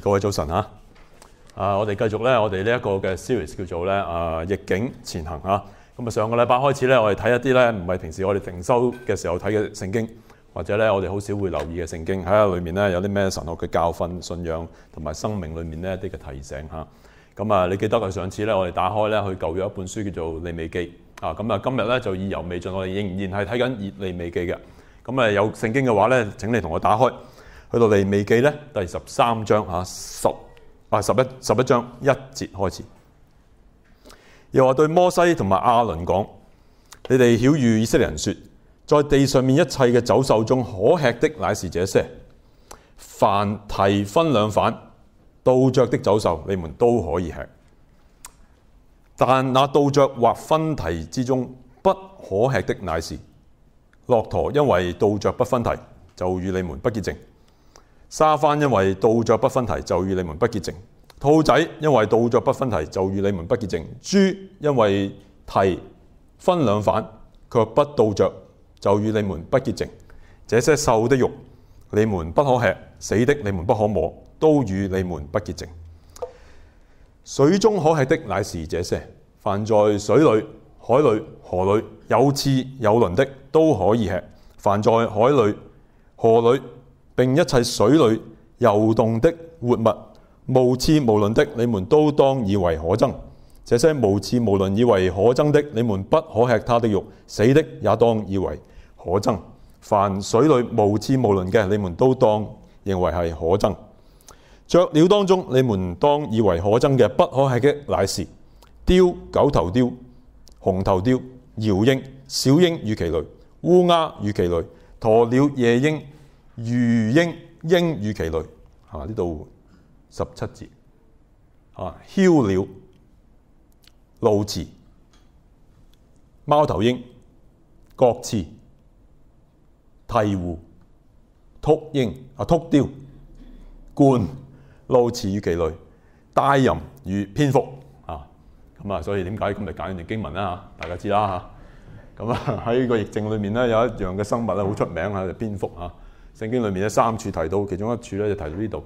各位早晨嚇！啊，我哋繼續咧，我哋呢一個嘅 series 叫做咧啊逆境前行嚇。咁啊，上個禮拜開始咧，我哋睇一啲咧唔係平時我哋定修嘅時候睇嘅聖經，或者咧我哋好少會留意嘅聖經，喺裏面咧有啲咩神學嘅教訓、信仰同埋生命裏面呢一啲嘅提醒嚇。咁啊，你記得啊，上次咧我哋打開咧去舊約一本書叫做利未記啊。咁啊，今日咧就意猶未盡，我哋仍然係睇緊以利未記嘅。咁啊，有聖經嘅話咧，請你同我打開。去到《利未記》咧，第十三章嚇、啊、十啊十一十一章一節開始，又話對摩西同埋亞倫講：你哋曉諭以色列人說，在地上面一切嘅走獸中，可吃的乃是這些，凡蹄分兩瓣、倒着的走獸，你們都可以吃。但那倒着或分蹄之中不可吃的，乃是駱駝，陀因為倒着不分蹄，就與你們不潔淨。沙番因為倒嚼不分蹄，就與你們不潔淨；兔仔因為倒嚼不分蹄，就與你們不潔淨；豬因為蹄分兩瓣，卻不倒嚼，就與你們不潔淨。這些獸的肉，你們不可吃；死的你們不可摸，都與你們不潔淨。水中可吃的乃是這些：凡在水裏、海裏、河裏有翅有鱗的都可以吃；凡在海裏、河裏並一切水裏遊動的活物，無翅無鱗的，你們都當以為可憎。這些無翅無鱗以為可憎的，你們不可吃它的肉，死的也當以為可憎。凡水裏無翅無鱗嘅，你們都當認為係可憎。雀鳥當中你們當以為可憎嘅，不可吃嘅乃是雕、九頭雕、紅頭雕、鷂鷹、小鷹與其類、烏鴉與其類、鴕鳥、鴕鴕鴕夜鷹。鴛鶯鴛與其類，係呢度十七節啊，鷙鳥鷺鶉、貓頭鷹、國鶉、梯鴻、鶡鶡啊，鶡鷹冠鷺鶉與其類，大鴦與蝙蝠啊，咁啊，所以點解今日講呢經文啦？啊，大家知啦嚇。咁啊，喺、啊、個疫症裏面咧，有一樣嘅生物咧，好出名、就是、啊，就蝙蝠啊。聖經裏面咧，三處提到，其中一處咧就提到呢度。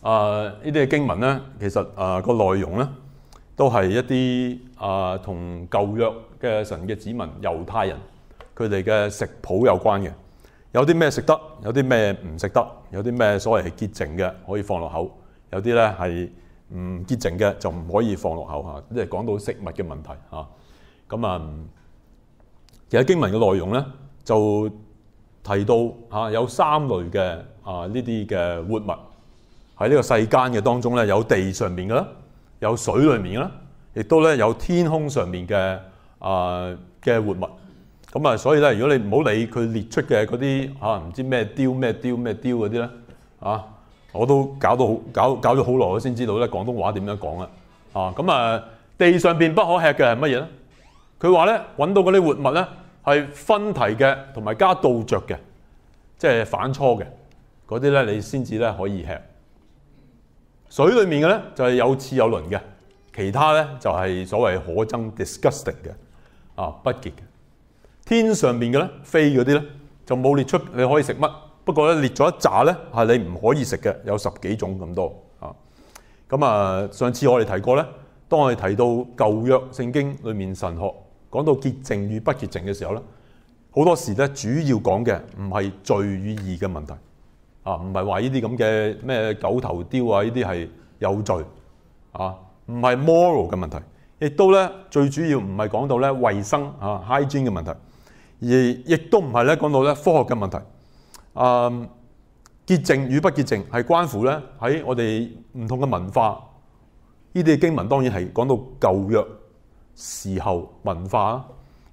啊、呃，呢啲嘅經文咧，其實啊個內容咧，都係一啲啊同舊約嘅神嘅子民猶太人佢哋嘅食譜有關嘅。有啲咩食得，有啲咩唔食得，有啲咩所謂係潔淨嘅可以放落口，有啲咧係唔潔淨嘅就唔可以放落口嚇。即係講到食物嘅問題嚇。咁啊、嗯，其實經文嘅內容咧就～提到嚇，啊、有三類嘅啊呢啲嘅活物喺呢個世間嘅當中咧，有地上面嘅啦，有水裡面嘅啦，亦都咧有天空上面嘅啊嘅活物。咁啊，所以咧，如果你唔好理佢列出嘅嗰啲嚇，唔知咩雕咩雕咩雕嗰啲咧，啊，我都搞到好搞搞咗好耐，我先知道咧廣東話點樣講啦。啊，咁啊，地上面不可吃嘅係乜嘢咧？佢話咧揾到嗰啲活物咧。係分蹄嘅，同埋加倒嚼嘅，即係反芻嘅嗰啲咧，你先至咧可以吃。水裡面嘅咧就係有翅有鱗嘅，其他咧就係所謂可憎 disgusting 嘅，啊不潔嘅。天上面嘅咧飛嗰啲咧就冇列出你可以食乜，不過咧列咗一紮咧係你唔可以食嘅，有十幾種咁多啊。咁啊，上次我哋提過咧，當我哋提到舊約聖經裡面神學。講到潔淨與不潔淨嘅時候咧，好多時咧主要講嘅唔係罪與義嘅問題，啊唔係話呢啲咁嘅咩狗頭雕啊呢啲係有罪，啊唔係 moral 嘅問題，亦都咧最主要唔係講到咧衞生啊 high e a 尖嘅問題，而亦都唔係咧講到咧科學嘅問題。嗯，潔淨與不潔淨係關乎咧喺我哋唔同嘅文化，呢啲經文當然係講到舊約。時候文化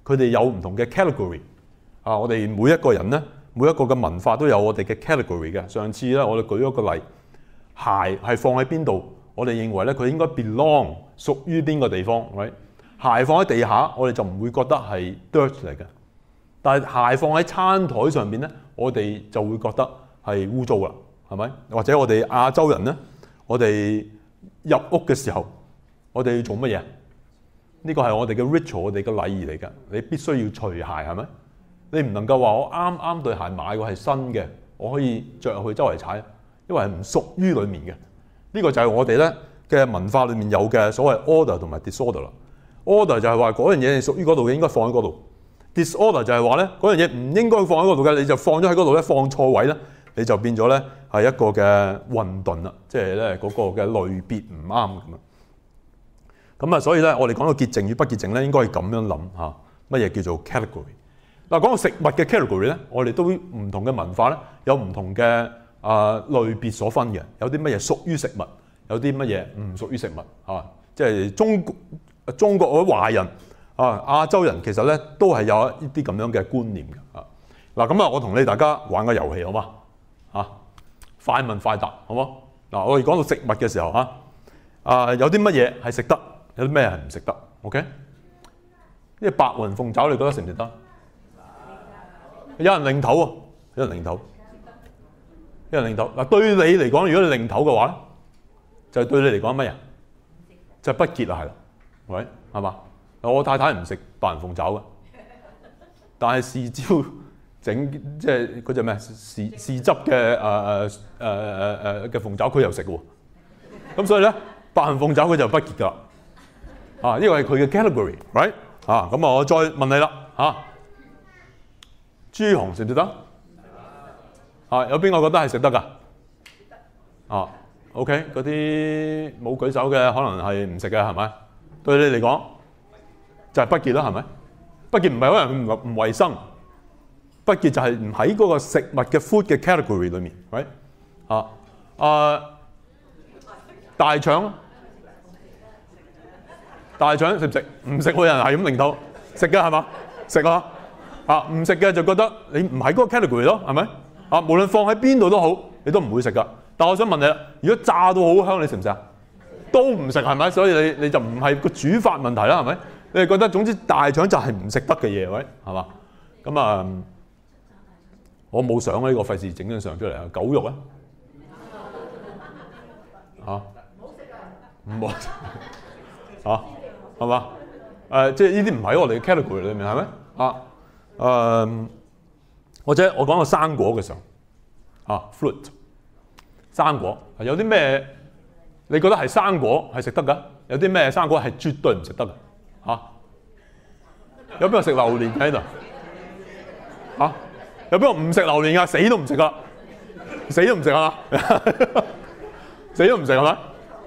佢哋有唔同嘅 category 啊，我哋每一個人呢，每一個嘅文化都有我哋嘅 category 嘅。上次咧，我哋舉咗個例，鞋係放喺邊度，我哋認為咧佢應該 belong 屬於邊個地方？喂，right? 鞋放喺地下，我哋就唔會覺得係 dirty 嚟嘅。但係鞋放喺餐台上面呢，我哋就會覺得係污糟啦，係咪？或者我哋亞洲人呢，我哋入屋嘅時候，我哋要做乜嘢？呢個係我哋嘅 ritual，我哋嘅禮儀嚟㗎。你必須要除鞋，係咪？你唔能夠話我啱啱對鞋買過係新嘅，我可以着入去周圍踩，因為係唔屬於裡面嘅。呢個就係我哋咧嘅文化裡面有嘅所謂 order 同埋 disorder 啦。order 就係話嗰樣嘢係屬於嗰度嘅，應該放喺嗰度。disorder 就係話咧嗰樣嘢唔應該放喺嗰度嘅，你就放咗喺嗰度咧，放錯位咧，你就變咗咧係一個嘅混沌啦，即係咧嗰個嘅類別唔啱咁啊。咁啊，所以咧，我哋講到潔淨與不潔淨咧，應該係咁樣諗嚇。啊，乜嘢叫做 category？嗱、啊，講到食物嘅 category 咧，我哋都唔同嘅文化咧，有唔同嘅啊、呃、類別所分嘅。有啲乜嘢屬於食物？有啲乜嘢唔屬於食物？嚇、啊，即係中中國嗰啲華人啊、亞洲人，其實咧都係有一啲咁樣嘅觀念嘅。嗱、啊，咁啊，我同你大家玩個遊戲好嗎？嚇、啊，快問快答好冇？嗱、啊，我哋講到食物嘅時候嚇，啊，有啲乜嘢係食得？有啲咩係唔食得？OK？呢，白雲鳳爪你覺得食唔食得？有人擰頭喎，嗯、有人擰頭，嗯、有人擰頭。嗱，對你嚟講，如果你擰頭嘅話咧，就係、是、對你嚟講乜嘢？吃就係不潔啦，係啦。喂，係嘛？我太太唔食白雲鳳爪嘅， 但係豉椒整即係嗰隻咩？豉豉汁嘅誒誒誒誒嘅鳳爪佢又食喎。咁 所以咧，白雲鳳爪佢就不潔㗎。啊，呢個係佢嘅 category，right？啊，咁啊，我再問你啦，嚇、嗯啊嗯啊，豬紅食唔食得？啊，有邊個覺得係食得噶？啊，OK，嗰啲冇舉手嘅可能係唔食嘅，係咪？對你嚟講，就係不潔啦，係咪？不潔唔係可能唔唔衞生，不潔就係唔喺嗰個食物嘅 food 嘅 category 裡面，right？啊，誒、啊 啊啊，大腸、啊。大腸食唔食？唔食嗰人係咁零頭食嘅係嘛？食啊嚇！唔食嘅就覺得你唔係嗰個 category 咯，係咪？啊，無論放喺邊度都好，你都唔會食噶。但我想問你啦，如果炸到好香，你食唔食？都唔食係咪？所以你你就唔係個煮法問題啦，係咪？你係覺得總之大腸就係唔食得嘅嘢，喂，係嘛？咁啊、嗯，我冇想呢、呢個費事整張相出嚟啊。狗肉 啊？嚇、啊，唔好食 啊唔嚇。係嘛？誒、呃，即係呢啲唔喺我哋嘅 category 裏面係咩？啊，誒、嗯，或者我講個生果嘅時候，啊，fruit，生果有啲咩？你覺得係生果係食得㗎？有啲咩生果係絕對唔食得㗎？嚇、啊？有邊個食榴蓮喺度？嚇、啊？有邊個唔食榴蓮㗎？死都唔食啦！死都唔食啊！ 死都唔食係咪？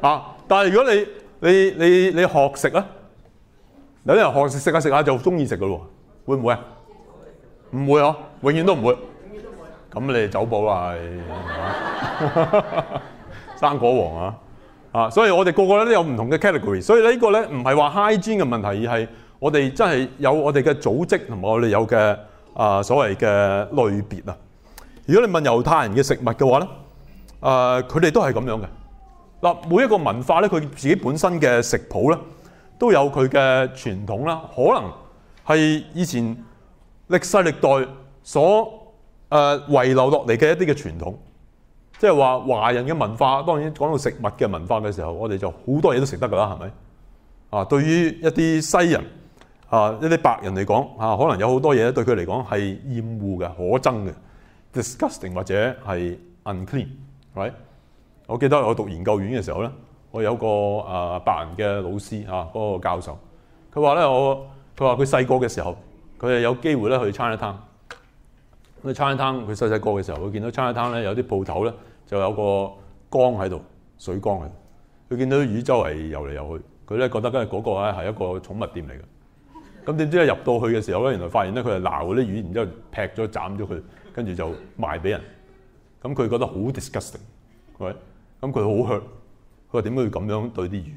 啊！但係如果你你你你學食咧？有啲人學食食下食下就中意食噶咯喎，會唔會啊？唔會嗬、啊，永遠都唔會。咁、啊、你哋走寶啦，係、哎、 生果王啊！啊，所以我哋個個咧都有唔同嘅 category，所以呢個咧唔係話 hygiene 嘅問題，而係我哋真係有我哋嘅組織同埋我哋有嘅啊所謂嘅類別啊。如果你問猶太人嘅食物嘅話咧，誒，佢哋都係咁樣嘅。嗱，每一個文化咧，佢自己本身嘅食譜咧。都有佢嘅傳統啦，可能係以前歷世歷代所誒遺留落嚟嘅一啲嘅傳統，即係話華人嘅文化。當然講到食物嘅文化嘅時候，我哋就好多嘢都食得㗎啦，係咪？啊，對於一啲西人啊、一啲白人嚟講，啊，可能有好多嘢對佢嚟講係厭惡嘅、可憎嘅、disgusting 或者係 unclean，係咪？Right？我記得我讀研究院嘅時候咧。我有個啊白人嘅老師啊，嗰、嗰個教授，佢話咧，我佢話佢細個嘅時候，佢係有機會咧去 China Town。China Town 佢細細個嘅時候，佢見到 China Town 咧有啲鋪頭咧就有個缸喺度，水缸喺度。佢見到啲魚周圍游嚟游去，佢咧覺得嗰個咧係一個寵物店嚟嘅。咁點知咧入到去嘅時候咧，原來發現咧佢係撈嗰啲魚，然之後劈咗、斬咗佢，跟住就賣俾人。咁佢覺得好 disgusting，咁佢好 hurt。佢點解要咁樣對啲魚？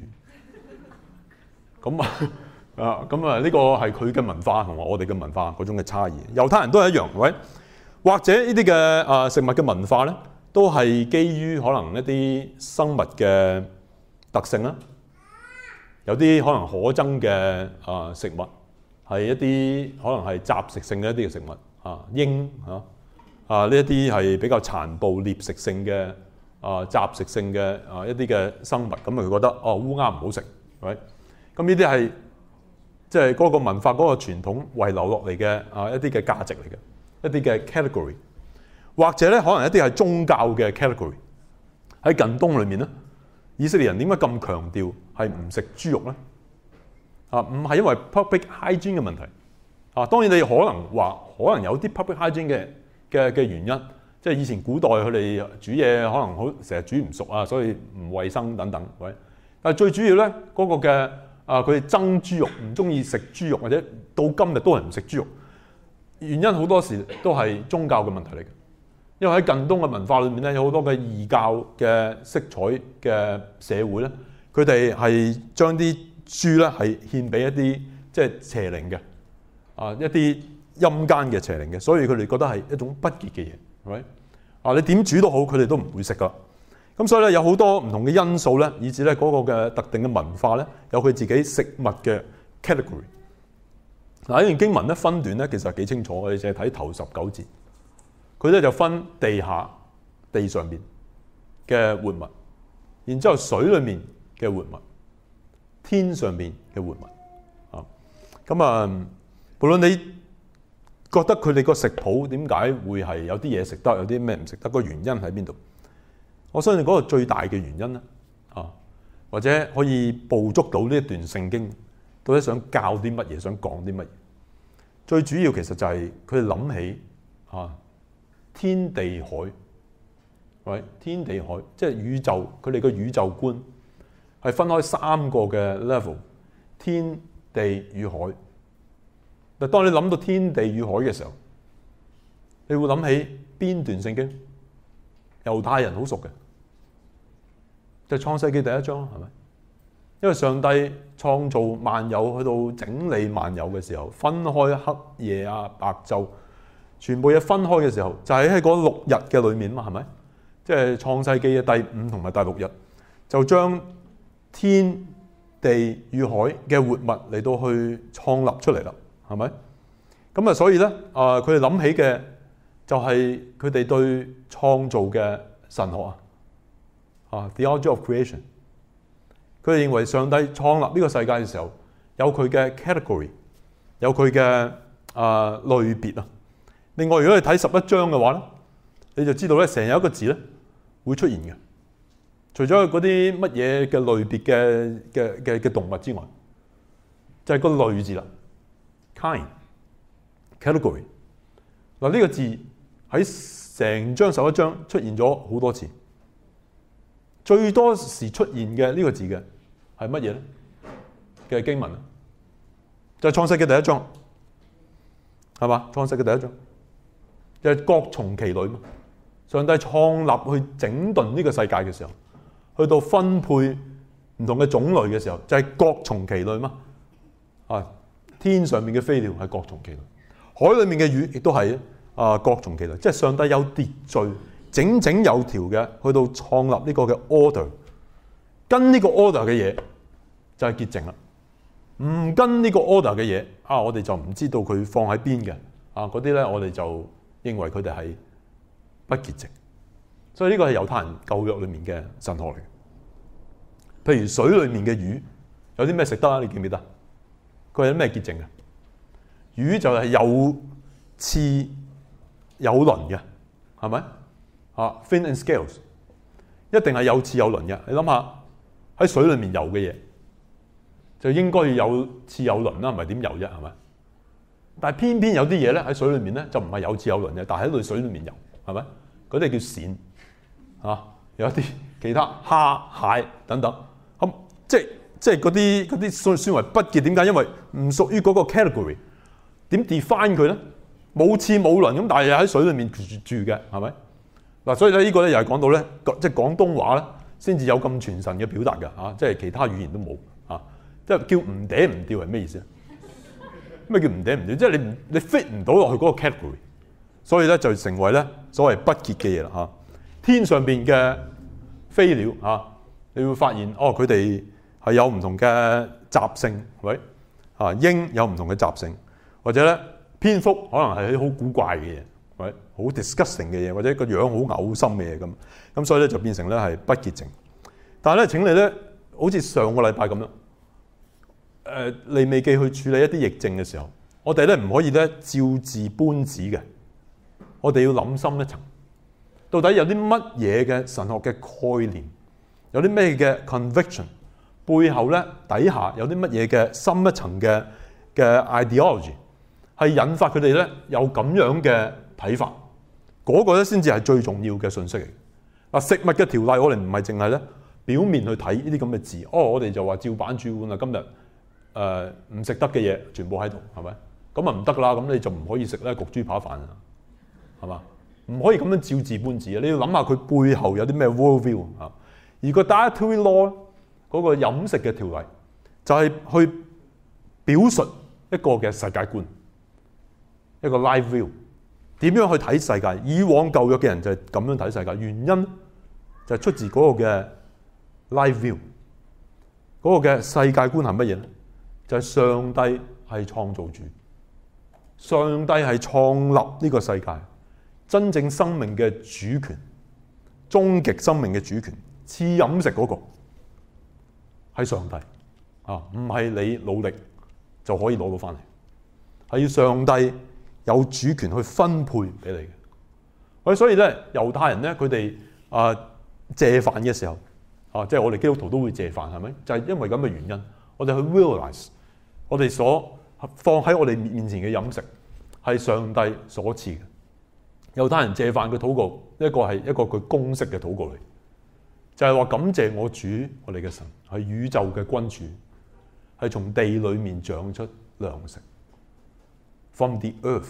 咁啊啊！咁啊，呢個係佢嘅文化同埋我哋嘅文化嗰種嘅差異。猶太人都係一樣。喂，或者呢啲嘅啊食物嘅文化咧，都係基於可能一啲生物嘅特性啦。有啲可能可憎嘅啊食物係一啲可能係雜食性嘅一啲嘅食物啊，鷹啊啊呢一啲係比較殘暴獵食性嘅。啊、呃，雜食性嘅啊、呃、一啲嘅生物，咁佢覺得哦烏鴉唔好食，係咪？咁呢啲係即係嗰個文化嗰、嗰個傳統遺留落嚟嘅啊一啲嘅價值嚟嘅，一啲嘅 category，或者咧可能一啲係宗教嘅 category。喺近東裏面咧，以色列人點解咁強調係唔食豬肉咧？啊，唔係因為 public hygiene 嘅問題。啊，當然你可能話可能有啲 public hygiene 嘅嘅嘅原因。即係以前古代佢哋煮嘢，可能好成日煮唔熟啊，所以唔衞生等等。喂，但係最主要咧，嗰個嘅啊，佢哋憎豬肉，唔中意食豬肉，或者到今日都係唔食豬肉。原因好多時都係宗教嘅問題嚟嘅，因為喺近東嘅文化裏面咧，有好多嘅異教嘅色彩嘅社會咧，佢哋係將啲豬咧係獻俾一啲即係邪靈嘅啊，一啲陰間嘅邪靈嘅，所以佢哋覺得係一種不潔嘅嘢。係咪？啊，right? 你點煮都好，佢哋都唔會食噶。咁所以咧，有好多唔同嘅因素咧，以至咧嗰個嘅特定嘅文化咧，有佢自己食物嘅 category。嗱，呢段經文咧分段咧，其實幾清楚，我哋淨係睇頭十九節，佢咧就分地下、地上邊嘅活物，然之後水裏面嘅活物，天上邊嘅活物。啊，咁啊，無論你。覺得佢哋個食譜點解會係有啲嘢食得，有啲咩唔食得？個原因喺邊度？我相信嗰個最大嘅原因啦，啊，或者可以捕捉到呢一段聖經到底想教啲乜嘢，想講啲乜嘢？最主要其實就係佢哋諗起啊，天地海，係咪？天地海即係宇宙，佢哋個宇宙觀係分開三個嘅 level：天地與海。就當你諗到天地與海嘅時候，你會諗起邊段聖經？猶太人好熟嘅，就係創世記第一章，係咪？因為上帝創造萬有，去到整理萬有嘅時候，分開黑夜啊白晝，全部嘢分開嘅時候，就係喺嗰六日嘅裏面嘛，係咪？即係創世記嘅第五同埋第六日，就將天地與海嘅活物嚟到去創立出嚟啦。係咪？咁啊，所以咧，啊、呃，佢哋諗起嘅就係佢哋對創造嘅神學啊，啊、uh，Theology of Creation。佢哋認為上帝創立呢個世界嘅時候，有佢嘅 category，有佢嘅啊類別啊。另外，如果你睇十一章嘅話咧，你就知道咧，成日一個字咧會出現嘅，除咗嗰啲乜嘢嘅類別嘅嘅嘅嘅動物之外，就係、是、個類字啦。kind、category 嗱，呢個字喺成章十一章出現咗好多次，最多時出現嘅呢個字嘅係乜嘢咧？嘅經文咧，就是、創世嘅第一章，係嘛？創世嘅第一章就係、是、各從其類嘛。上帝創立去整頓呢個世界嘅時候，去到分配唔同嘅種類嘅時候，就係、是、各從其類嘛。啊！天上面嘅飛鳥係各從其類，海裡面嘅魚亦都係啊各從其類，即係上帝有秩序、整整有條嘅，去到創立呢個嘅 order，跟呢個 order 嘅嘢就係潔淨啦。唔跟呢個 order 嘅嘢啊，我哋就唔知道佢放喺邊嘅啊。嗰啲咧，我哋就認為佢哋係不潔淨。所以呢個係猶太人舊約裡面嘅神學嚟嘅。譬如水裡面嘅魚，有啲咩食得啊？你見唔見得？佢有咩結晶啊？魚就係有刺有鱗嘅，係咪啊？Fin scales 一定係有刺有鱗嘅。你諗下喺水裡面游嘅嘢，就應該要有刺有鱗啦，唔係點遊啫？係咪？但係偏偏有啲嘢咧喺水裡面咧就唔係有刺有鱗嘅，但係喺對水裡面游，係咪？嗰啲叫鱈，啊，有啲其他蝦蟹等等，咁即係。即係嗰啲嗰啲算算為不潔，點解？因為唔屬於嗰個 category，點 define 佢咧？冇翅冇鱗咁，但係又喺水裡面住住嘅，係咪？嗱，所以咧呢個咧又係講到咧即係廣東話咧，先至有咁傳神嘅表達㗎嚇，即係其他語言都冇嚇。即係叫唔嗲唔吊係咩意思啊？咩 叫唔嗲唔吊？即係你你 fit 唔到落去嗰個 category，所以咧就成為咧所謂不潔嘅嘢啦嚇。天上邊嘅飛鳥嚇，你會發現哦，佢哋，係有唔同嘅習性，喂，啊鷹有唔同嘅習性，或者咧蝙蝠可能係好古怪嘅嘢，喂，好 disgusting 嘅嘢，或者個樣好嘔心嘅嘢咁，咁所以咧就變成咧係不潔淨。但係咧，請你咧，好似上個禮拜咁啦，誒，利未記去處理一啲疫症嘅時候，我哋咧唔可以咧照字搬紙嘅，我哋要諗深一層，到底有啲乜嘢嘅神學嘅概念，有啲咩嘅 conviction？背後咧底下有啲乜嘢嘅深一層嘅嘅 ideology，係引發佢哋咧有咁樣嘅睇法，嗰個咧先至係最重要嘅信息嚟。啊，食物嘅條例可能唔係淨係咧表面去睇呢啲咁嘅字，哦，我哋就話照板煮碗啊，今日誒唔食得嘅嘢全部喺度，係咪？咁啊唔得啦，咁你就唔可以食咧焗豬扒飯啊，係嘛？唔可以咁樣照字搬字啊，你要諗下佢背後有啲咩 worldview 啊？而個 dietary law。嗰個飲食嘅條例，就係、是、去表述一個嘅世界觀，一個 life view 點樣去睇世界？以往舊約嘅人就係咁樣睇世界，原因就係出自嗰個嘅 life view，嗰個嘅世界觀係乜嘢咧？就係、是、上帝係創造主，上帝係創立呢個世界，真正生命嘅主權，終極生命嘅主權，次飲食嗰、那個。喺上帝啊，唔係你努力就可以攞到翻嚟，係要上帝有主權去分配俾你嘅。咁所以咧，猶太人咧，佢哋啊借飯嘅時候啊，即係我哋基督徒都會借飯，係咪？就係因為咁嘅原因，我哋去 realize 我哋所放喺我哋面前嘅飲食係上帝所賜嘅。猶太人借飯嘅禱告，一個係一個佢公式嘅禱告嚟。就係話，感謝我主，我哋嘅神係宇宙嘅君主，係從地裏面長出糧食，from the earth，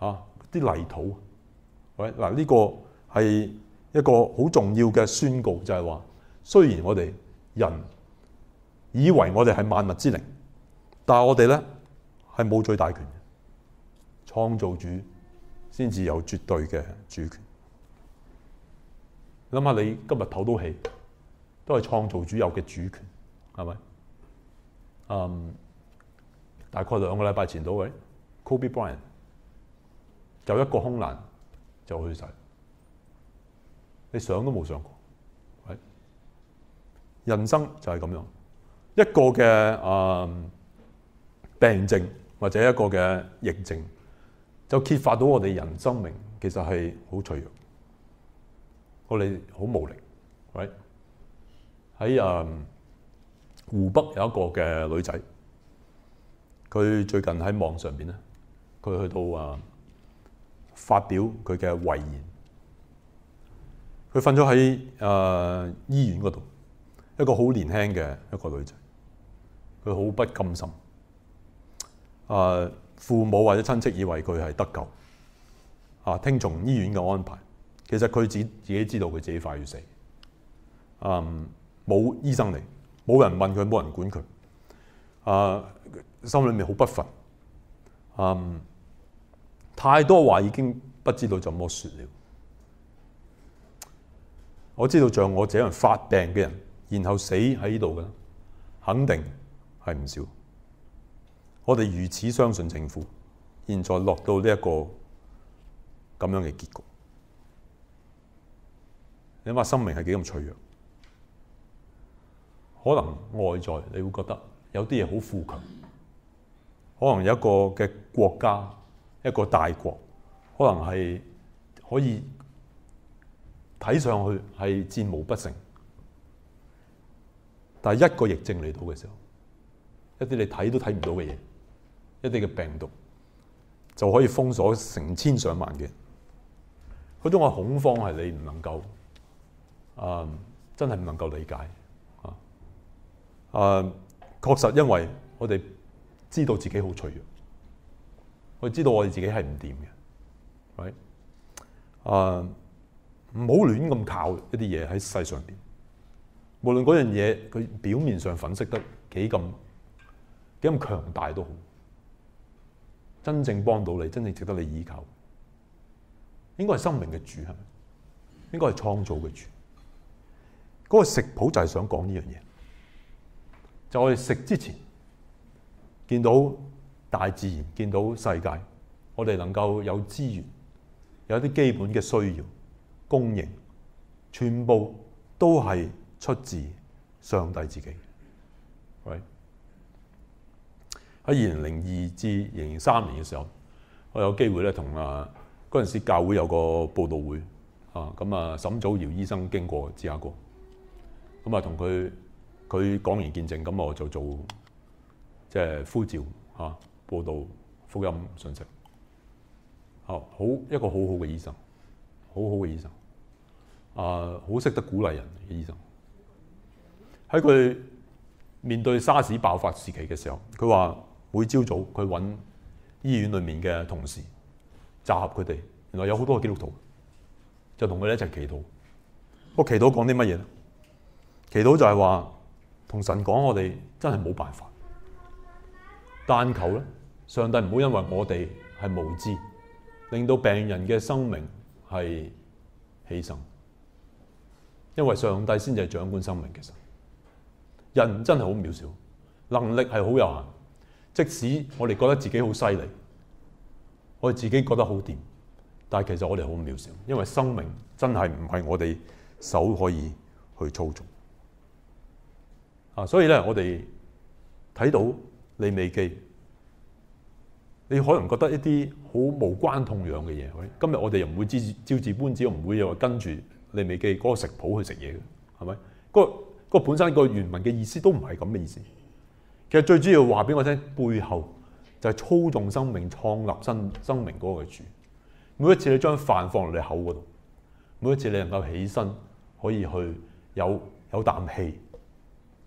吓、啊、啲泥土。喂，嗱呢、這個係一個好重要嘅宣告，就係、是、話，雖然我哋人以為我哋係萬物之靈，但係我哋咧係冇最大權嘅，創造主先至有絕對嘅主權。諗下你今日唞到氣，都係創造主有嘅主權，係咪？嗯，um，大概兩個禮拜前到位，Kobe Bryant 就一個空難就去世，你想都冇想過。喂，人生就係咁樣，一個嘅、um, 病症或者一個嘅疫症，就揭發到我哋人生命其實係好脆弱。我哋好無力，喂，right？喺啊湖北有一個嘅女仔，佢最近喺網上邊咧，佢去到啊發表佢嘅遺言，佢瞓咗喺啊醫院嗰度，一個好年輕嘅一個女仔，佢好不甘心，啊父母或者親戚以為佢係得救，啊聽從醫院嘅安排。其實佢自己自己知道佢自己快要死，嗯，冇醫生嚟，冇人問佢，冇人管佢，啊、呃，心裏面好不忿，嗯，太多話已經不知道怎麼説了。我知道像我這樣發病嘅人，然後死喺呢度嘅，肯定係唔少。我哋如此相信政府，現在落到呢、這、一個咁樣嘅結局。你話生命係幾咁脆弱？可能外在你會覺得有啲嘢好富強，可能有一個嘅國家，一個大國，可能係可以睇上去係戰無不勝，但係一個疫症嚟到嘅時候，一啲你睇都睇唔到嘅嘢，一啲嘅病毒就可以封鎖成千上萬嘅，嗰種嘅恐慌係你唔能夠。啊，uh，真係唔能夠理解啊！啊，uh，確實因為我哋知道自己好脆弱，我知道我哋自己係唔掂嘅，係啊，唔好亂咁靠一啲嘢喺世上邊。無論嗰樣嘢佢表面上粉飾得幾咁幾咁強大都好，真正幫到你、真正值得你依靠，應該係生命嘅主係咪？應該係創造嘅主。嗰個食譜就係想講呢樣嘢，就我哋食之前見到大自然，見到世界，我哋能夠有資源，有啲基本嘅需要供應，全部都係出自上帝自己。喺二零零二至二零三年嘅時候，我有機會咧同啊嗰陣時教會有個報道會啊，咁啊沈祖堯醫生經過芝加哥。咁啊，同佢佢講完見證，咁我就做即係、就是、呼召吓、啊，報導福音信息。好，一個好好嘅醫生，好好嘅醫生，啊，好識得鼓勵人嘅醫生。喺佢面對沙士爆發時期嘅時候，佢話每朝早佢揾醫院裏面嘅同事集合佢哋，原來有好多基督徒，就同佢哋一齊祈禱。我祈禱講啲乜嘢咧？祈禱就係話，同神講，我哋真係冇辦法，但求咧，上帝唔好因為我哋係無知，令到病人嘅生命係犧牲，因為上帝先至係掌管生命嘅神。其實人真係好渺小，能力係好有限。即使我哋覺得自己好犀利，我哋自己覺得好掂，但係其實我哋好渺小，因為生命真係唔係我哋手可以去操縱。啊，所以咧，我哋睇到利未記，你可能覺得一啲好無關痛癢嘅嘢，今日我哋又唔會照照字搬字，又唔會又跟住利未記嗰個食譜去食嘢嘅，係咪？嗰、嗰個嗰個本身個原文嘅意思都唔係咁嘅意思。其實最主要話俾我聽，背後就係操縱生命、創立生生命嗰個主。每一次你將飯放落你口嗰度，每一次你能夠起身，可以去有有啖氣。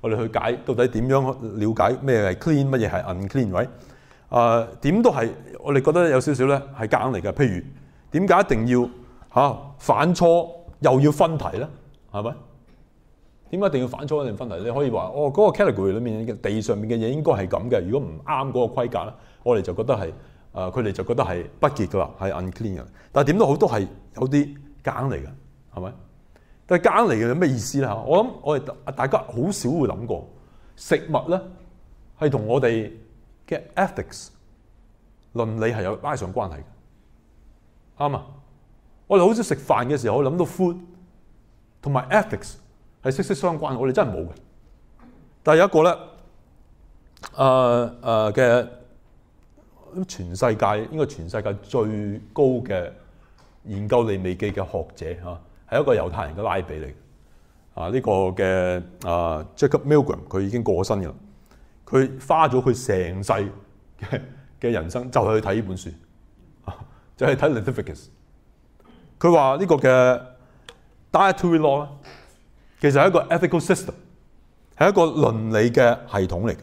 我哋去解到底點樣了解咩係 clean，乜嘢係 unclean 位？啊，點都係我哋覺得有少少咧係夾硬嚟嘅。譬如點解一定要嚇反錯又要分題咧？係咪？點解一定要反錯一定要分題？你可以話哦，嗰個 category 裏面地上面嘅嘢應該係咁嘅。如果唔啱嗰個規格咧，我哋就覺得係啊，佢哋就覺得係不潔㗎啦，係 unclean 嘅。但係點都好都係有啲夾硬嚟嘅，係咪？但係隔離嘅有咩意思咧？嚇，我諗我哋大家好少會諗過食物咧，係同我哋嘅 ethics 倫理係有拉上關係嘅，啱啊！我哋好少食飯嘅時候，我諗到 food 同埋 ethics 係息息相關，我哋真係冇嘅。但係有一個咧，誒誒嘅全世界應該全世界最高嘅研究利未記嘅學者嚇。係一個猶太人嘅拉比嚟，啊呢、這個嘅啊 Jacob Milgram 佢已經過咗身㗎啦，佢花咗佢成世嘅嘅人生就去睇呢本書，啊、就係睇《Leviticus》佢話呢個嘅 dietary law 其實係一個 ethical system，係一個倫理嘅系統嚟嘅，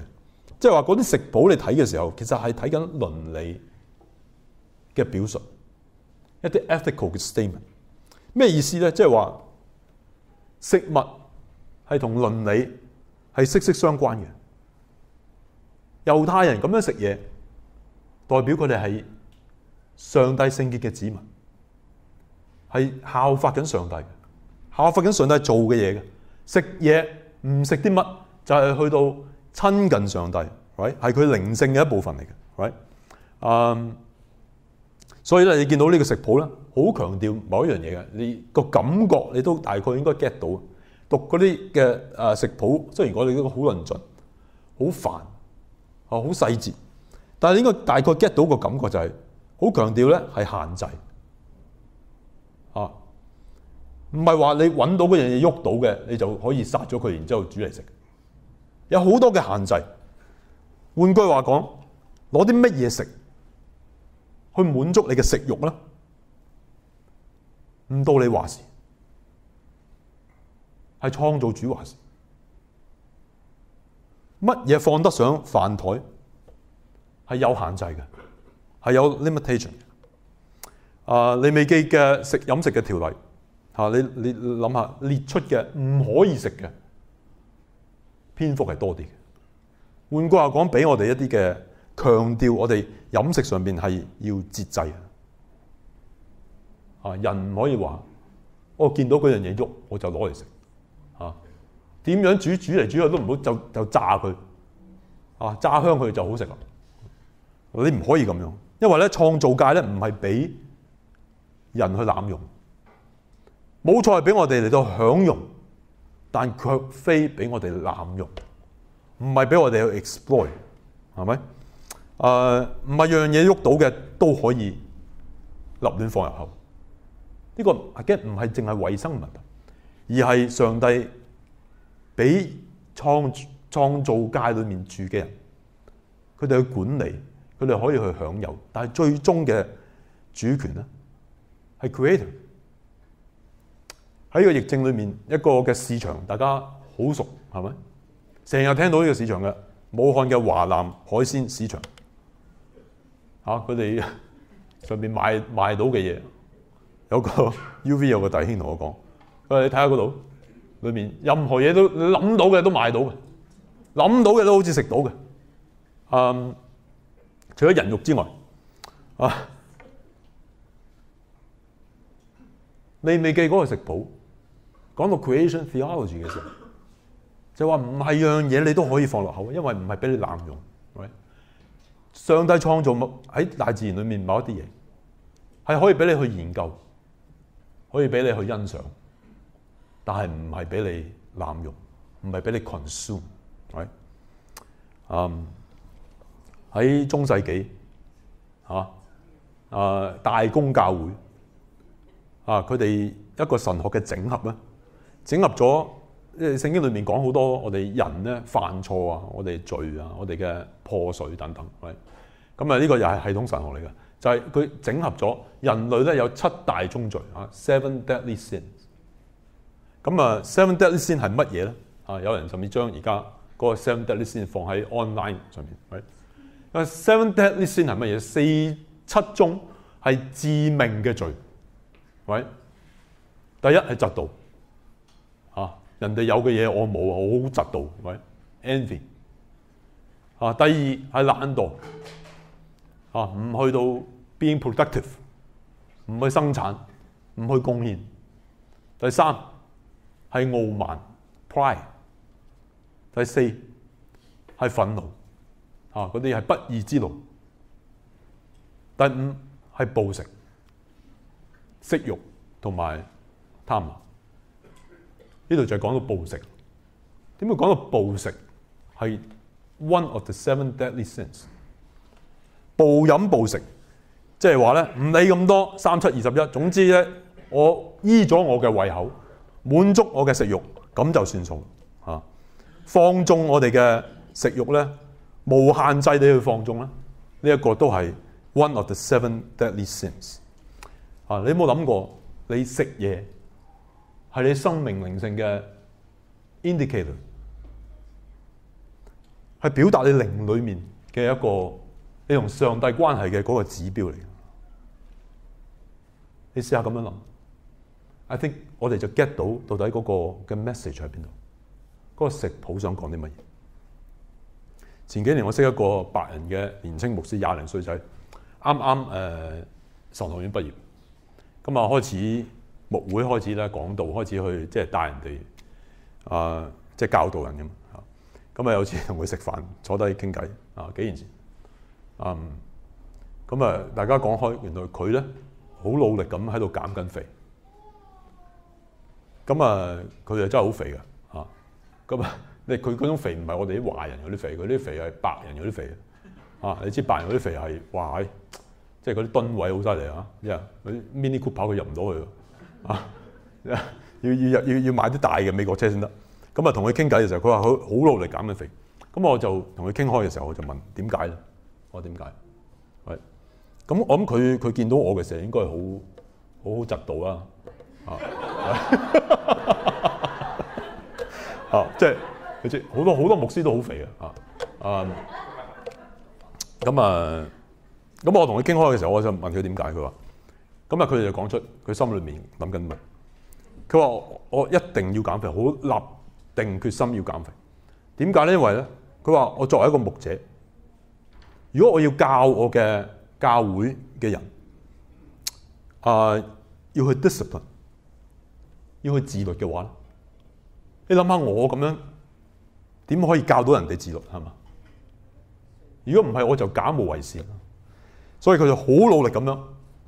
即係話嗰啲食譜你睇嘅時候，其實係睇緊倫理嘅表述，一啲 ethical 嘅 statement。咩意思咧？即係話食物係同倫理係息息相關嘅。猶太人咁樣食嘢，代表佢哋係上帝聖潔嘅子民，係效法緊上帝，效法緊上帝做嘅嘢嘅。食嘢唔食啲乜，就係去到親近上帝，right？係佢靈性嘅一部分嚟嘅，right？嗯。所以咧，你見到呢個食譜咧，好強調某一樣嘢嘅，你個感覺你都大概應該 get 到。讀嗰啲嘅誒食譜，雖然我哋呢個好論盡，好煩，啊好細節，但係你應該大概 get 到個感覺就係，是，好強調咧係限制，啊，唔係話你揾到嗰樣嘢喐到嘅，你就可以殺咗佢，然之後煮嚟食。有好多嘅限制。換句話講，攞啲乜嘢食？去滿足你嘅食慾。咧，唔到你話事，係創造主話事。乜嘢放得上飯台，係有限制嘅，係有 limitation 嘅。啊，你未記嘅食飲食嘅條例嚇、啊，你你諗下列出嘅唔可以食嘅篇幅係多啲嘅。換句話講，俾我哋一啲嘅。強調我哋飲食上邊係要節制啊！人唔可以話我見到嗰樣嘢喐我就攞嚟食啊！點樣煮煮嚟煮去都唔好就就炸佢啊！炸香佢就好食啦！你唔可以咁樣，因為咧創造界咧唔係俾人去濫用，冇錯係俾我哋嚟到享用，但卻非俾我哋濫用，唔係俾我哋去 exploit，係咪？誒唔係樣嘢喐到嘅都可以立亂放入口，呢個係驚唔係淨係衞生問題，而係上帝俾創創造界裏面住嘅人，佢哋去管理，佢哋可以去享有，但係最終嘅主權咧係 Creator。喺個疫症裏面一個嘅市場，大家好熟係咪？成日聽到呢個市場嘅武漢嘅華南海鮮市場。嚇！佢哋、啊、上邊賣賣到嘅嘢，有個 U V 有個弟兄同我講：喂，你睇下嗰度，裏面任何嘢都諗到嘅都買到嘅，諗到嘅都好似食到嘅。嗯，除咗人肉之外，啊，你未記嗰個食譜？講到 creation theology 嘅時候，就話唔係樣嘢你都可以放落口，因為唔係俾你濫用。上帝創造物喺大自然裏面某一啲嘢，係可以俾你去研究，可以俾你去欣賞，但係唔係俾你濫用，唔係俾你 consume，係、right? um,，嗯，喺中世紀嚇，啊,啊大公教會啊佢哋一個神學嘅整合咧，整合咗。聖經裏面講好多我哋人咧犯錯啊，我哋罪啊，我哋嘅破碎等等。喂，咁啊呢個又係系統神學嚟嘅，就係、是、佢整合咗人類咧有七大宗罪啊，seven deadly sins。咁啊，seven deadly sin 係乜嘢咧？啊，有人甚至將而家嗰個 seven deadly sin 放喺 online 上面。seven deadly sin 係乜嘢？四七宗係致命嘅罪。喂，第一係嫉妒。人哋有嘅嘢我冇啊，好嫉妒，係 envy。啊，第二係懶惰，嚇唔去到 being productive，唔去生產，唔去貢獻。第三係傲慢，pride。第四係憤怒，嚇嗰啲係不義之怒。第五係暴食、色慾同埋貪婪。呢度就係講到暴食。點解講到暴食係 one of the seven deadly sins？暴飲暴食，即係話咧唔理咁多三七二十一，總之咧我醫咗我嘅胃口，滿足我嘅食欲，咁就算數、啊、放縱我哋嘅食欲咧，無限制地去放縱咧，呢、這、一個都係 one of the seven deadly sins。啊、你有冇諗過你食嘢？係你生命靈性嘅 indicator，係表達你靈裏面嘅一個你同上帝關係嘅嗰個指標嚟。你試下咁樣諗，I think 我哋就 get 到到底嗰個嘅 message 喺邊度，嗰個食譜想講啲乜嘢？前幾年我識一個白人嘅年青牧師，廿零歲仔，啱啱誒神學院畢業，咁啊開始。會開始咧講道，開始去即係帶人哋啊、呃，即係教導人咁啊。咁啊，有次同佢食飯，坐低傾偈啊。幾年前，嗯、啊，咁啊，大家講開，原來佢咧好努力咁喺度減緊肥。咁啊，佢就真係好肥嘅嚇。咁啊，你佢嗰種肥唔係我哋啲華人嗰啲肥，佢啲肥係白人嗰啲肥啊。你知道白人嗰啲肥係哇，即係嗰啲噸位好犀利嚇，即、啊、啲 mini cooper 跑佢入唔到去。啊！要要入要要買啲大嘅美國車先得。咁啊，同佢傾偈嘅時候，佢話佢好努力減嘅肥。咁我就同佢傾開嘅時候，我就問點解咧？我話點解？係咁，我諗佢佢見到我嘅時候，應該係好好好嫉妒啦。啊，即係好似好多好多牧師都好肥嘅。啊啊咁啊咁，我同佢傾開嘅時候，我就問佢點解，佢話。咁啊！佢哋就講出佢心裏面諗緊乜？佢話：我一定要減肥，好立定決心要減肥。點解咧？因為咧，佢話我作為一個牧者，如果我要教我嘅教會嘅人啊、呃，要去 discipline，要去自律嘅話咧，你諗下我咁樣點可以教到人哋自律係嘛？如果唔係，我就假冒為善。所以佢就好努力咁樣。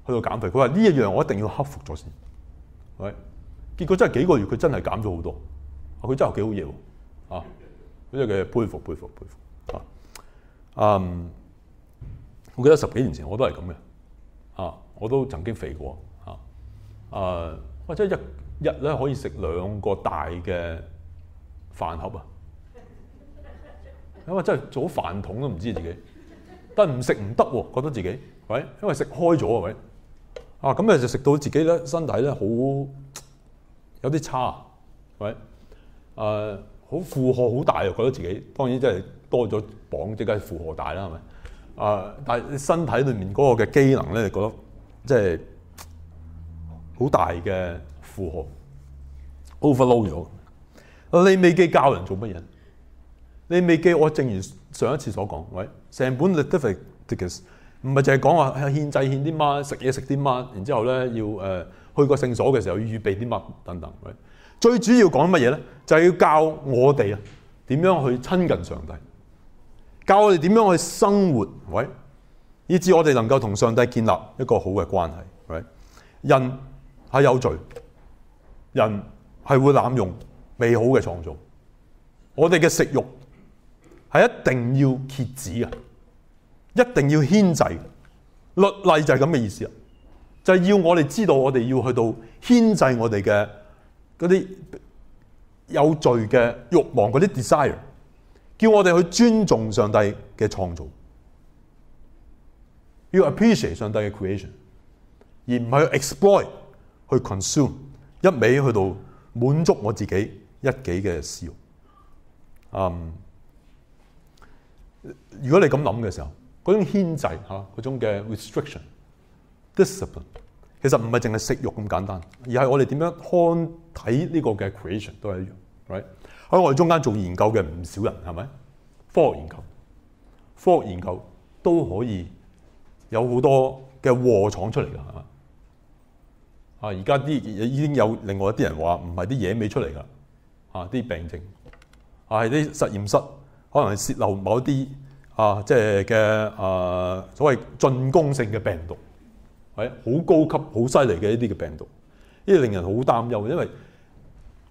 去到減肥，佢話呢一樣我一定要克服咗先，喂，結果真係幾個月佢真係減咗好多，佢真係幾好嘢喎，佢真係嘅佩服佩服佩服，啊，嗯，我記得十幾年前我都係咁嘅，啊，我都曾經肥過，啊、嗯，或者一日咧可以食兩個大嘅飯盒啊，因為真係做好飯桶都唔知自己，但係唔食唔得喎，覺得自己，喂，因為食開咗啊，喂。啊，咁你就食到自己咧，身體咧好有啲差，喂、啊，好負荷好大，又覺得自己當然真係多咗磅，即係負荷大啦，係咪？啊，但係你身體裏面嗰個嘅機能咧，你覺得即係好大嘅負荷 overload 咗。你未記教人做乜嘢？你未記我正如上一次所講，喂，成本 Leviticus 唔係淨係講話獻祭獻啲乜，食嘢食啲乜，然之後咧要誒去個聖所嘅時候要預備啲乜等等。喂，最主要講乜嘢咧？就係、是、要教我哋啊，點樣去親近上帝，教我哋點樣去生活。喂，以至我哋能夠同上帝建立一個好嘅關係。喂，人係有罪，人係會濫用美好嘅創造，我哋嘅食慾係一定要遏止啊！一定要牽制，律例就係咁嘅意思啦，就係要我哋知道我哋要去到牽制我哋嘅嗰啲有罪嘅欲望嗰啲 desire，叫我哋去尊重上帝嘅創造，要 appreciate 上帝嘅 creation，而唔係去 exploit 去 consume，一味去到滿足我自己一己嘅私欲。Um, 如果你咁諗嘅時候。嗰種牽制嚇，嗰種嘅 restriction、discipline，其實唔係淨係食肉咁簡單，而係我哋點樣看睇呢個嘅 creation 都係一樣，喺、right? 我哋中間做研究嘅唔少人係咪，科學研究、科學研究都可以有好多嘅禍廠出嚟㗎嚇。啊而家啲已經有另外一啲人話唔係啲野味出嚟㗎，啊啲病症啊係啲實驗室可能係泄漏某一啲。啊，即係嘅，誒、啊，所謂進攻性嘅病毒，係好高級、好犀利嘅一啲嘅病毒，呢啲令人好擔憂。因為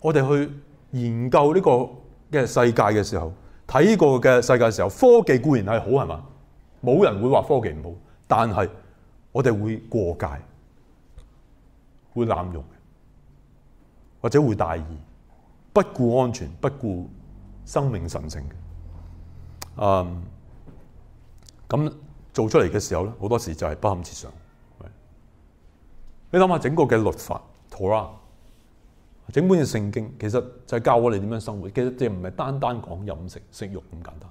我哋去研究呢個嘅世界嘅時候，睇過嘅世界嘅時候，科技固然係好，係嘛？冇人會話科技唔好，但係我哋會過界，會濫用，或者會大意，不顧安全，不顧生命神聖嘅，嗯、啊。咁做出嚟嘅時候咧，好多時就係不堪設想。你諗下整個嘅律法《Torah》，整本嘅聖經其實就係教我哋點樣生活。其實即係唔係單單講飲食、食肉咁簡單，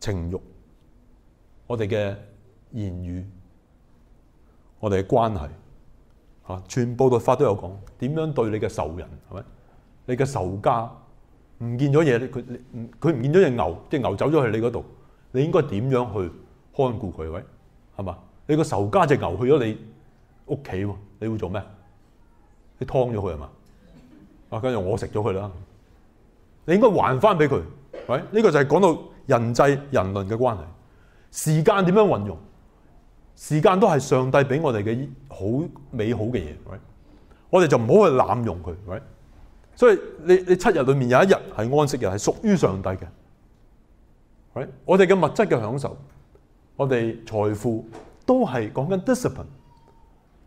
情欲，我哋嘅言語、我哋嘅關係、啊、全部律法都有講點樣對你嘅仇人係咪？你嘅仇家唔見咗嘢，佢佢唔見咗隻牛，隻牛走咗去你嗰度。你應該點樣去看顧佢喂？係嘛？你個仇家隻牛去咗你屋企，你會做咩？你劏咗佢？係嘛？啊，跟住我食咗佢啦。你應該還翻俾佢喂？呢個就係講到人際人倫嘅關係。時間點樣運用？時間都係上帝俾我哋嘅好美好嘅嘢喂。我哋就唔好去濫用佢喂。所以你你七日裏面有一日係安息日，係屬於上帝嘅。Right? 我哋嘅物質嘅享受，我哋財富都係講緊 discipline，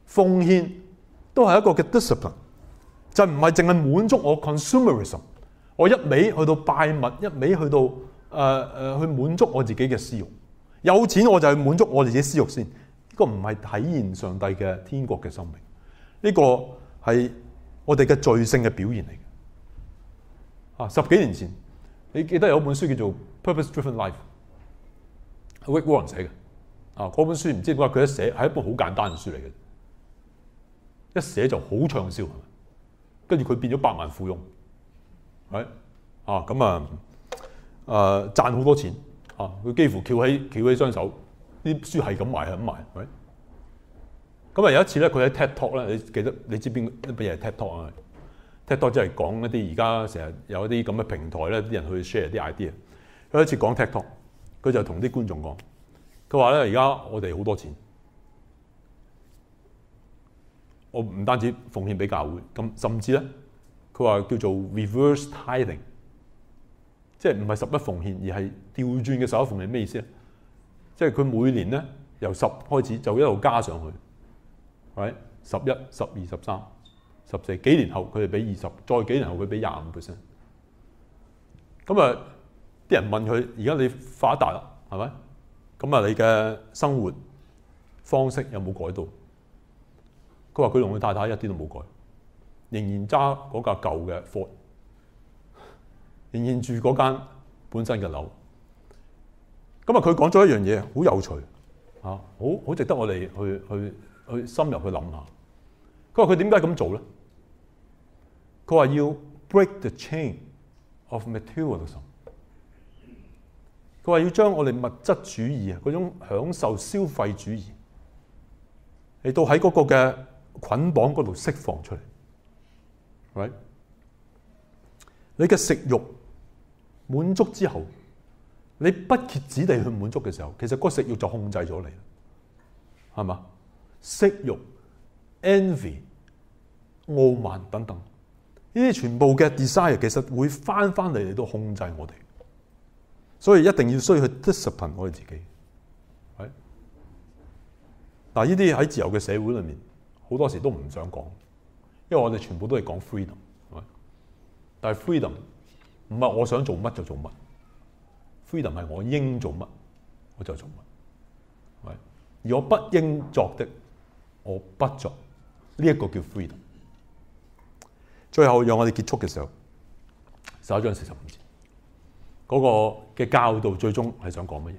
奉獻都係一個嘅 discipline，就唔係淨係滿足我 consumerism，我一味去到拜物，一味去到誒誒、呃呃、去滿足我自己嘅私欲，有錢我就去滿足我哋自己的私欲先，呢、呢個唔係體現上帝嘅天國嘅生命，呢、呢個係我哋嘅罪性嘅表現嚟嘅。啊，十幾年前你記得有本書叫做？Purpose-driven life 係 Rick Warren 寫嘅啊。嗰本書唔知點解佢一寫係一本好簡單嘅書嚟嘅，一寫就好暢銷。跟住佢變咗百萬富翁，係啊咁啊誒、啊、賺好多錢啊！佢幾乎翹起翹起雙手，啲書係咁賣係咁賣。咁啊有一次咧，佢喺 TED Talk 咧，你記得你知邊嘢樣 TED Talk 啊？TED Talk 即係講一啲而家成日有一啲咁嘅平台咧，啲人去 share 啲 idea。第一次講 TikTok，佢就同啲觀眾講：佢話咧，而家我哋好多錢，我唔單止奉獻俾教會，咁甚至咧，佢話叫做 reverse tithing，即係唔係十一奉獻，而係調轉嘅十一奉獻係咩意思啊？即係佢每年咧由十開始，就一路加上去，係十一、十二、十三、十四，幾年後佢哋俾二十，再幾年後佢俾廿五 percent，咁啊！啲人問佢：而家你發達啦，係咪？咁啊，你嘅生活方式有冇改到？佢話：佢同佢太太一啲都冇改，仍然揸嗰架舊嘅貨，仍然住嗰間本身嘅樓。咁啊，佢講咗一樣嘢，好有趣嚇，好好值得我哋去去去深入去諗下。佢話：佢點解咁做咧？佢話要 break the chain of materialism。佢話要將我哋物質主義啊，嗰種享受消費主義嚟到喺嗰個嘅捆綁嗰度釋放出嚟，係咪？你嘅食欲滿足之後，你不竭止地去滿足嘅時候，其實個食欲就控制咗你，係嘛？食欲、envy、傲慢等等，呢啲全部嘅 desire 其實會翻翻嚟嚟到控制我哋。所以一定要需要去 discipline 我哋自己，係，但係呢啲喺自由嘅社會裏面，好多時都唔想講，因為我哋全部都係講 freedom，但係 freedom 唔係我想做乜就做乜，freedom 係我應做乜我就做乜，而我不應作的我不作，呢、這、一個叫 freedom。最後讓我哋結束嘅時候，十一章四十五節嗰個。嘅教導最終係想講乜嘢？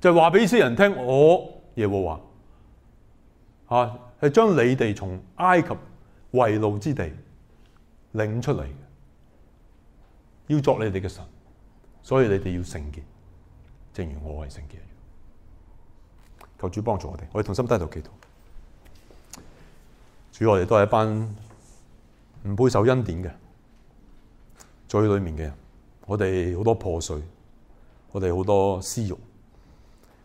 就係話俾一些人聽，我耶和華啊，係將你哋從埃及為奴之地領出嚟，要作你哋嘅神，所以你哋要聖潔，正如我係聖潔一樣。求主幫助我哋，我哋同心低頭祈禱。主，我哋都係一班唔背受恩典嘅最裏面嘅人，我哋好多破碎。我哋好多私慾，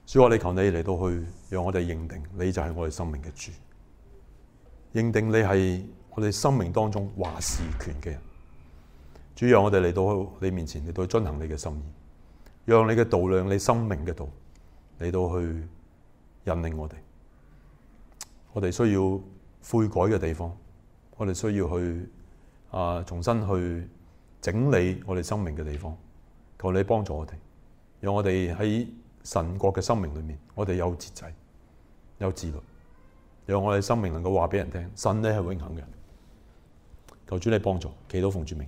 主我哋求你嚟到去，讓我哋認定你就係我哋生命嘅主，認定你係我哋生命當中話事權嘅人。主，讓我哋嚟到你面前，嚟到去遵行你嘅心意，讓你嘅道量、你生命嘅道，嚟到去引領我哋。我哋需要悔改嘅地方，我哋需要去啊、呃、重新去整理我哋生命嘅地方。求你幫助我哋。讓我哋喺神國嘅生命裏面，我哋有節制，有自律，讓我哋生命能夠話俾人聽，神是永恆嘅。求主你幫助，祈禱奉主名。